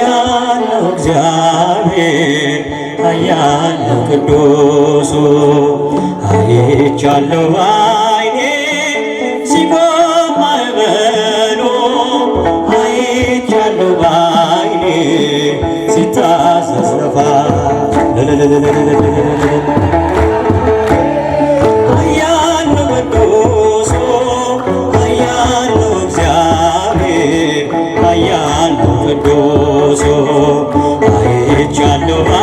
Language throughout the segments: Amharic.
ኃያል ነው እግዚአብሔር ኃያል ነው ቅዱሱ አይቻለሁ ባይኔ ሲቆም ማዕበሉ አይቻለሁ ባይኔ ሲታዘዝ ነፋስ know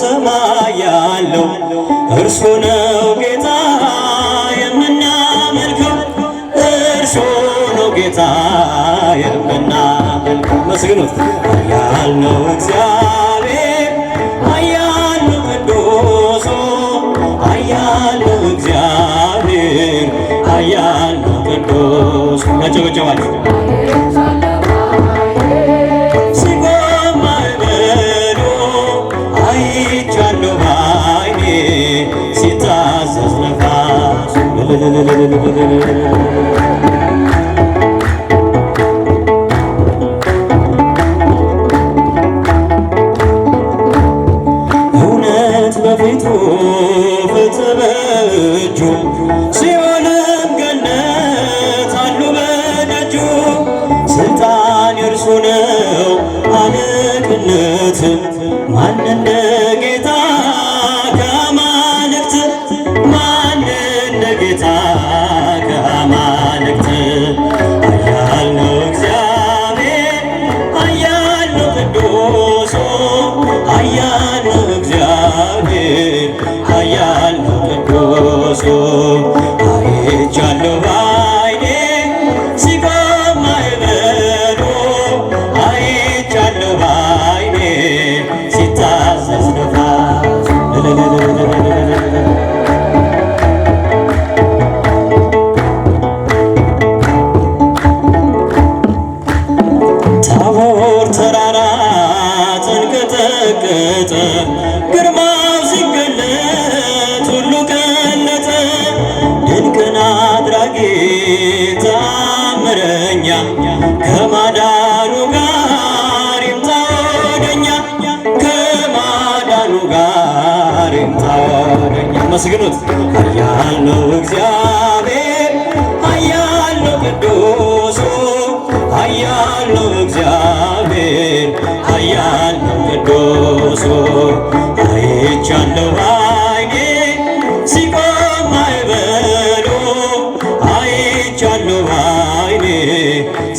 በሰማይ ያለው እርሱ ነው ጌታ የምናመልከው እርሱ ነው ጌታ የምናመልከው መስግኑት ኃያል ነው እግዚአብሔር ኃያል ቅዱሱ ኃያል ነው እግዚአብሔር ኃያል ቅዱሱ መጨበጨባችሁ እውነት በፊቱ ፍትህ በእጁ amor. ጀመረኛ ከማዳኑ ጋር ይምጣ ወደኛ ከማዳኑ ጋር ይምጣ መስግኑት ኃያል ነው እግዚአብሔር ኃያል ነው ቅዱሱ ኃያል ነው እግዚአብሔር ኃያል ነው ቅዱሱ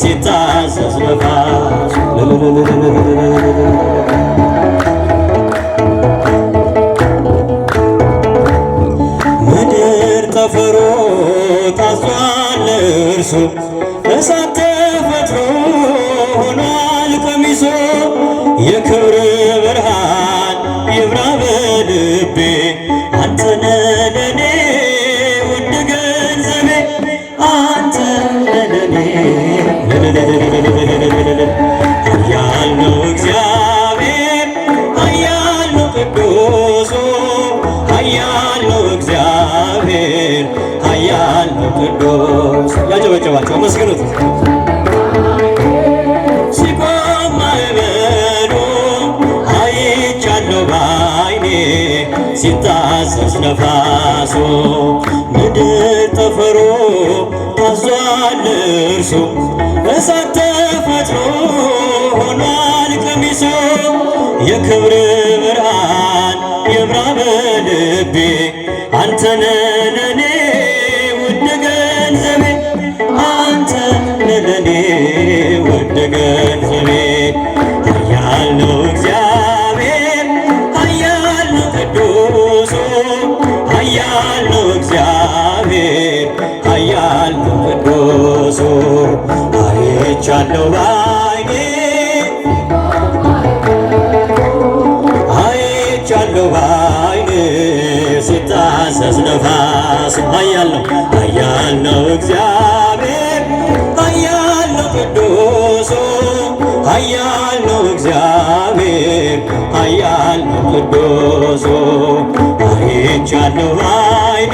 ሲታዘዝ ነፋስ ምድር ጠፈሮ ታዟል እርሱ በሳት ተፈጥሮ ሆኗል ቀሚሶ አለባቸው። አመስግኑት። ሲታሰስ ነፋሱ ምድር ተፈሮ ታዟል እርሱ እሳት ተፈጥሮ ሆኗል የክብር ብርሃን አንተነ አያለው ባይኔ አይቻለው ባይኔ ሲታሰስ ነፋስ አያለው አያለው እግዚአብሔር አያለው ቅዱሱ አያለው እግዚአብሔር አያለው ቅዱሱ አይቻለው ባይኔ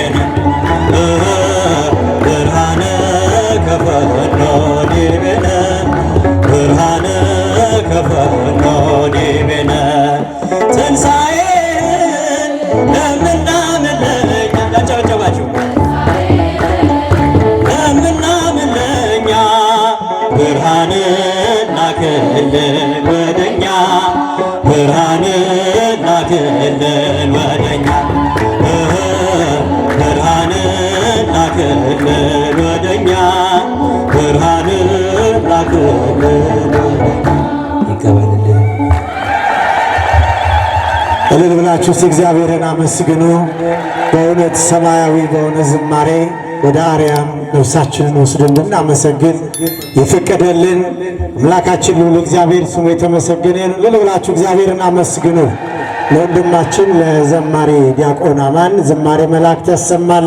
I'm the night. ኢየሱስ እግዚአብሔርን አመስግኑ። በእውነት ሰማያዊ በሆነ ዝማሬ ወደ አርያም ነፍሳችንን ወስዶ እንድናመሰግን የፈቀደልን አምላካችን ልዑል እግዚአብሔር ስሙ የተመሰገነ ልል ብላችሁ እግዚአብሔርን አመስግኑ። ለወንድማችን ለዘማሪ ዲያቆን አማን ዝማሬ መላእክት ያሰማል።